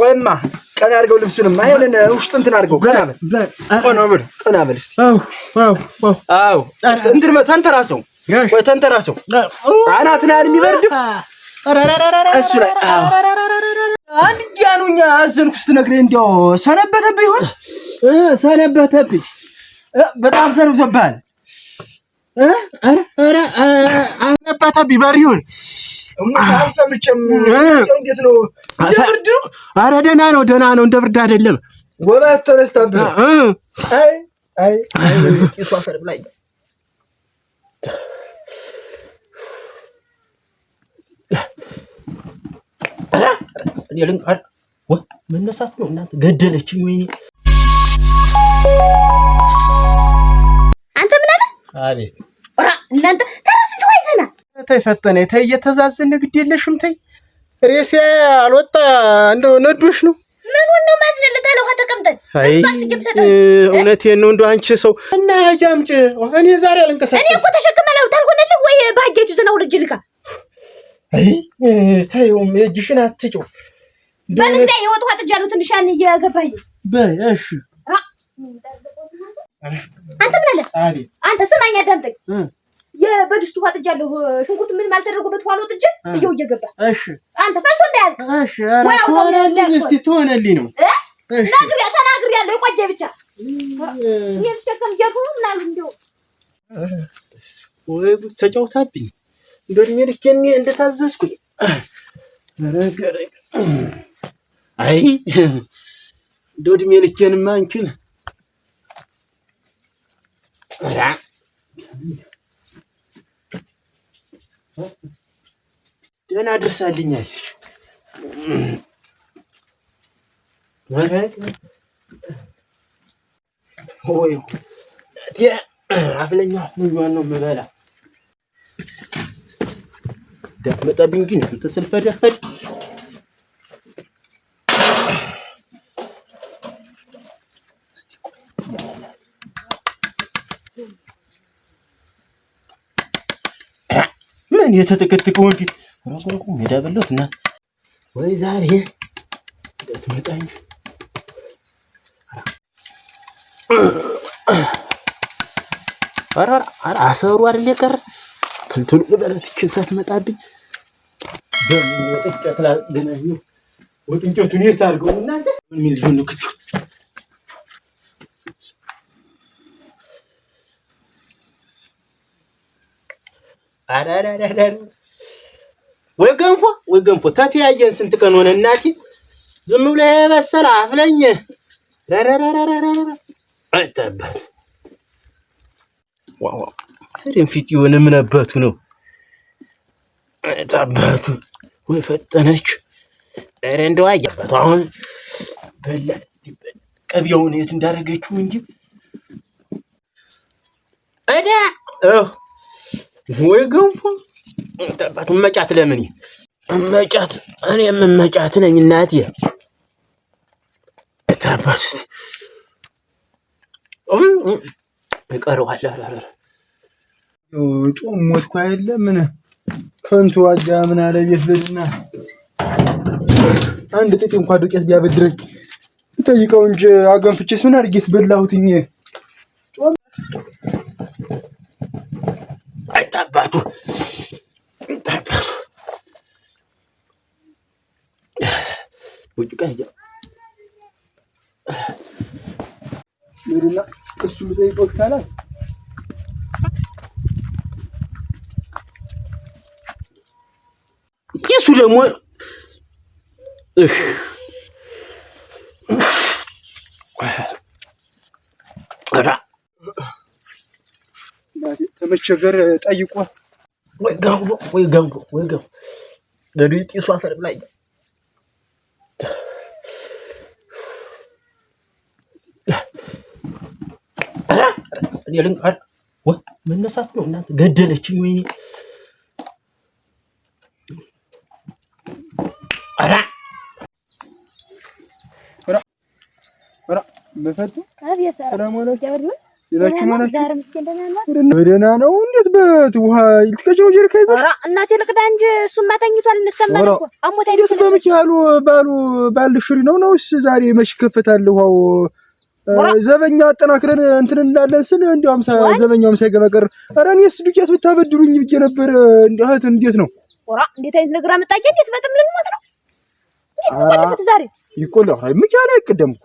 ቆይማ ቀና አድርገው ልብሱንም ይሄንን ውሽጥ እንትን አድርገው ቀና በል ቀና በል ቀና በል እስኪ እንትን ተንተራሰው ተንተራሰው አናት ናን የሚበርድ እሱ ላይ አንድ ያኑኛ አዘንኩ ስትነግረኝ እንዲያው ሰነበተብህ ይሆን ሰነበተብኝ። በጣም ሰንብቶብሃል። ሰነበተብኝ በሪሁን አልሰምቼም። እንዴት ነው? እንደብርድ ነው? ኧረ ደህና ነው፣ ደህና ነው። እንደ ብርድ አይደለም። ወባ ተነስታብህ። አይ አይ መነሳት ነው እናንተ ገደለችኝ። ወይኔ አንተ ምን አለ? አቤት ራ እናንተ ተረስጁ አይሰና ተይ ፈጠነ ተይ እየተዛዘነ ግድ የለሽም ተይ። ሬሴ አልወጣ እንደው ነዶሽ ነው። ምኑን ነው ማዝነልታለሁ? ውሃ ተቀምጠን እውነቴን ነው እንደው አንቺ ሰው እና ጃምጭ እኔ ዛሬ አልንቀሳቀስ እኔ እኮ ተሸክመላሁ ታልሆነልህ ወይ በአጃጁ ዘናው ልጅ ልካ አይ ታዩም የእጅሽን አትጪው በልክ የወጡ አጥጃሉ ትንሽ ያን በይ እሺ። አንተ ምን አለ? አንተ ስማኝ፣ አዳምጠኝ። የበድስቱ አጥጃለሁ ሽንኩርት ምን አልተደረጉበት ኋላ ወጥጄ እየው እየገባ እሺ። አንተ ፈልቶ እንዳያልቅ እሺ። ኧረ ትሆነልኝ፣ እስቲ ትሆነልኝ ነው ነግሬ ተናግሬያለሁ። ቆየ ብቻ ይሄ ተከም ጀቱ ምናምን እንደው ተጫውታብኝ እንደድሜ ልክ እኔ እንደታዘዝኩኝ። አይ እንደው እድሜ ልኬንማ አንቺን ደህና አድርሳልኛል። ወይ አፍለኛ ምግባን ነው የምበላ ዳመጠብኝ ግን አንተ ስልፈደፈድ ምን የተጠቀጠቀ ወንፊት ራሱ ነው ሜዳ በለውት እና ወይ ዛሬ እንዳትመጣኝ አሰሩ አይደል የቀረ ትልትሉ ወደረት ሳትመጣብኝ በወጥጫ ወጥንጨቱን የት አድርገው እናንተ ምን ሚል ወይ ገንፎ ወይ ገንፎ ተተያየን ስንት ቀን ሆነ እናቴ። ዝም ብሎ የበሰለ አፍለኝ ረረረረረረ ፊት የሆነ ምን አባቱ ነው አባቱ ወይ ፈጠነች። ኧረ እንደው አያባቱ አሁን ቀቢያውን የት እንዳደረገችው እንጂ እዳ ወይ ገንፎ አባቱ መጫት ለምን መጫት እኔ የምመጫት ነኝ እናቴ ታባቱ ይቀረዋል። ጦም ሞትኩ አይደለ ምን ከንቱ ዋጋ ምን አለ ቤት ልጅና አንድ ጥጥ እንኳ ዱቄት ቢያበድረኝ ጠይቀው እንጂ አገንፍቼስ ምን አድርጌስ በላሁትኝ። አይጣባቱ አይጣባቱ እሱ ልጠይቀው ካላል እሱ ደግሞ ተመቸገር ጠይቆ ወይ ጋንጎ ወይ ጋንጎ ወይ ጋንጎ ለዱይ ጢሱ አፈር ላይ መነሳት ነው እናንተ ገደለችኝ ወይኔ መፈቱ አብየታ ሰላማለሁ ደህና ነው። እንዴት በውሃ ልትቀጭ ነው? ጀሪካ ይዘሽ እናቴ ልቅዳ እንጂ እሱማ ተኝቷል። እንሰማለን እኮ አሞታ እንዴት በምክያሉ ባሉ ባል ሽሪ ነው ነውስ? ዛሬ መች ይከፈታል ውሃው? ዘበኛ አጠናክረን እንትን እንዳለን ስል እንዲያውም ዘበኛውም ሳይገባ ቀር። ኧረ እኔስ ዱቄት ብታበድሩኝ ብዬ ነበር። እህት እንዴት ነው? እንዴት አይነት ነገር አመጣች? እንዴት በጥም ልንሞት ነው? እንዴት ነው ዛሬ ይቆላ ምክያሉ አይቀደም እኮ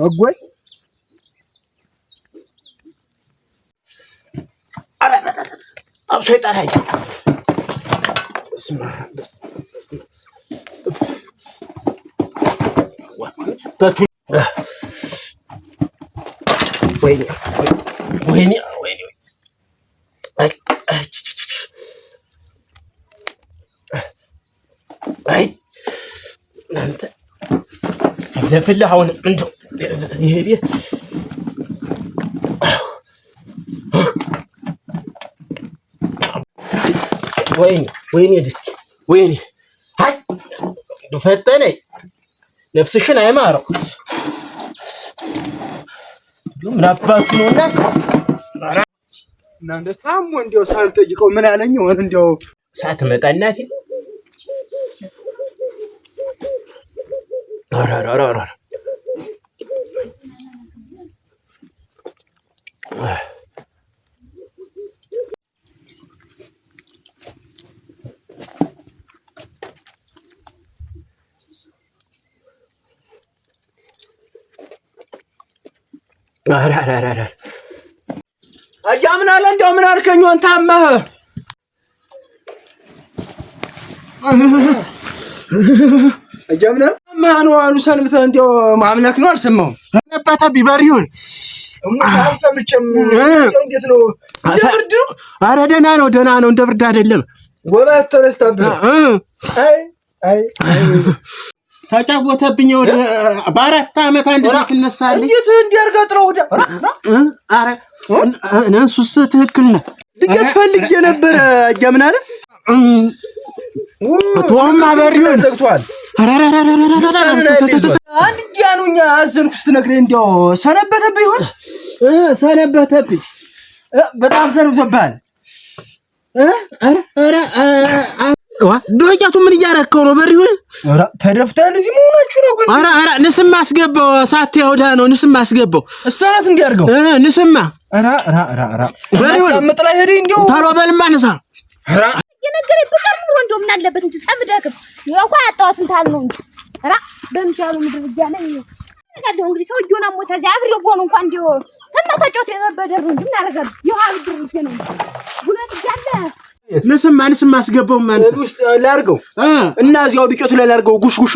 ወጎይ አብሶ ይጣራይ ወይኔ ወይኔ ወይኔ አይ እናንተ ለፍልህ አሁንም እንደው Не ебе. ويني ويني يا ديسكي ويني هاي دفتني نفس الشيء يا مارو ምናባት ነው እና አያ ምን አለ እንደው ምን አልከኝ? ወንታ አመህ አያ ምን አሉ ሰንብተህ እንደው ማምለክ ነው። አልሰማሁም ነበተ ቢበሪውን ኧረ ደህና ነው፣ ደህና ነው። እንደ ብርድ አይደለም። ተጫወተብኝ። ወደ በአራት አመት አንድ ሰዓት እነሳለሁ። እንዴት እንዲያርጋጥ ነው? አረ እሱስ ትክክል ነህ። ልጅ ፈልጌ ነበረ አጃምናለህ ተወውም አበሪውን ዘግቷል። አንድ አዘንኩ ስትነግረኝ እንዲያው ሰነበተብህ ይሆን? ሰነበተብኝ። በጣም ሰንብቶብሃል። ዶቄቱ ምን እያረከው ነው? በሪውን ተደፍተሃል። እዚህ መሆናችሁ ነው። ግን ኧረ ኧረ ንስማ አስገባው። ሳት ያውዳ ነው። ንስማ አስገባው። እሷ ናት እንዲያርገው። ንስማ ኧረ ኧረ ኧረ በሪውን ምጥላ ሄደ። እንዲያው ተሎ በልማ ንሳ አለበት እንጂ ጠምደክም እንኳ ያጣዋትን ታል ነው እንጂ ራ በሚሻሉ ምድር እያለ ነው ያለው እንግዲህ ሰው እጆና ሞተ እዚህ አብሬው ጎኑ እንኳን እንዲሁ ተማታጮት የመበደር እንጂ ምን አረጋብ ይሁን አብድር ይገነ ጉለት ያለ ንስም ማንስም አስገባው ማንስ ውስጥ ላርገው እና እዚያው ዱቄቱ ላይ ላርገው። ጉሽ ጉሽ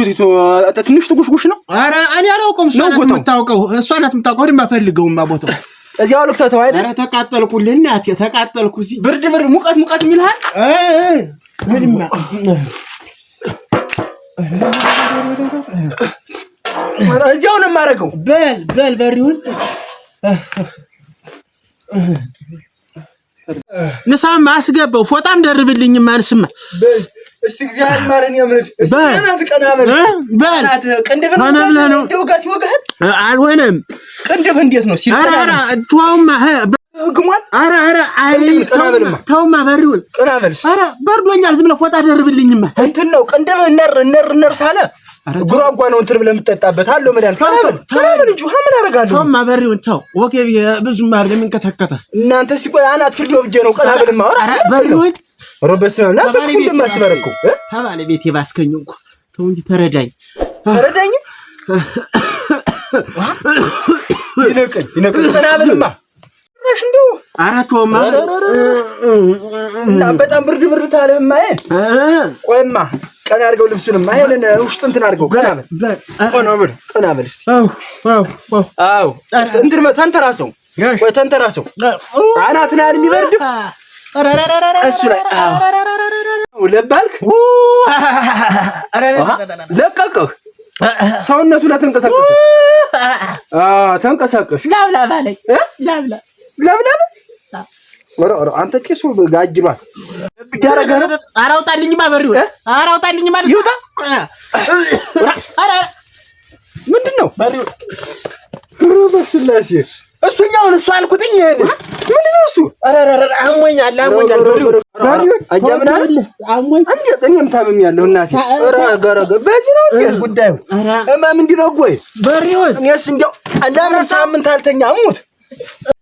ትንሽ ጉሽ ጉሽ ነው። ኧረ እኔ አላውቀውም። እሷ ናት የምታውቀው፣ እሷ ናት የምታውቀው። ድማ ፈልገውማ ቦታው እዚያው ልክተተው አይደል? ኧረ ተቃጠልኩልህ እናቴ፣ ተቃጠልኩ። ብርድ ብርድ ሙቀት ሙቀት የሚልሃል እዚያው ነው የማደርገው። በል በል በሪውን ንሳም አስገባው ፎጣም ደርብልኝ። ማንስማ አልሆነም። ቅንድብ እንዴት ነው ሲል ህግሟል አረ አረ ተውማ፣ በሪውን ቅናበል። አረ በርዶኛል፣ ዝም ብለህ ፎጣ ደርብልኝማ። እንትን ነው ቅንድብ ነር ነር ነር ታለ ጉራጓ ነው እንትን ብለህ የምትጠጣበት አለው። መድኃኒት ቅናበል ቅናበል እንጂ ምን አደርጋለሁ? ተውማ፣ በሪውን ተው። ኦኬ ብዙም አይደለም የሚንከተከተ እናንተ ሲቆይ አናት ክርጆ ብዬ ነው ቅናበልማ። አረ በሪውን ሮበስ ነው እናንተ ሁሉም ማስበረኩ ተባለ ቤት የባስከኝ እኮ ተው እንጂ ተረዳኝ፣ ተረዳኝ። ይነቀኝ ይነቀኝ፣ ቅናበልማ ጭራሽ እንደው እና በጣም ብርድ ብርድ ታለህማ። ቆይማ ቀና አድርገው ልብሱንማ ይሄንን ውስጥ እንትን አድርገው ቀና በል ቀና በል ቀና በል እስኪ። አዎ እንትን ተንተራሰው፣ ወይ ተንተራሰው። አናት ነው ያህል የሚበርድ እሱ ላይ ለባልክ ለቀቅህ። ሰውነቱ ላይ ተንቀሳቀሰ ተንቀሳቀስ ላብላ ባለኝ ላብላ ለምን ወረ ወረ አንተ ቄሱ ጋጅሏል። ቢዳረገ ነው። ኧረ አውጣልኝማ ይውጣ። ምንድን ነው በሬው? በስላሴ እሱኛውን እሱ አልኩትኝ። ይሄን ምንድን ነው እሱ? ኧረ ኧረ አሞኛል፣ አሞኛል እኔም ታምሜያለሁ እናቴ። በዚህ ነው ጉዳዩ። እማ ምንድን ነው ጎይ እኔስ እንደው አንድ ሳምንት አልተኛ እሙት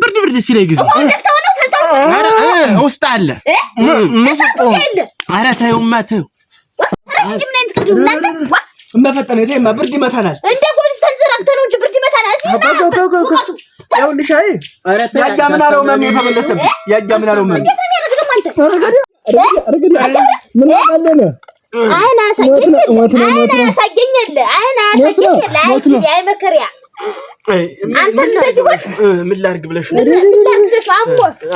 ብርድ ብርድ ሲለኝ ጊዜ ውስጥ አለ። ኧረ ተይውማ ተይው። መፈጠን ብርድ ይመታናል። እንደ ተንዘራግተህ ነው እንጂ ብርድ ይመታናል። ይኸውልሽ ያጃ ምን አለው ያጃ ምን አለው አይን አያሳየኝ የለ አይን አያሳየኝ የለ አይን አያሳየኝ የለ አይ መከሪያ አንተ ምን ላድርግ ብለሽ ነው? ምን ላድርግ ብለሽ ነው?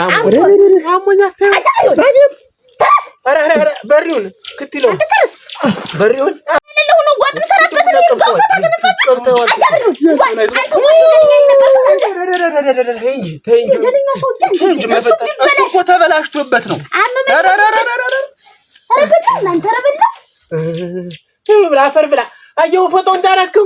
ተበላሽቶበት ነው። አፈር ብላ አየሁ ፎቶ እንዳረክም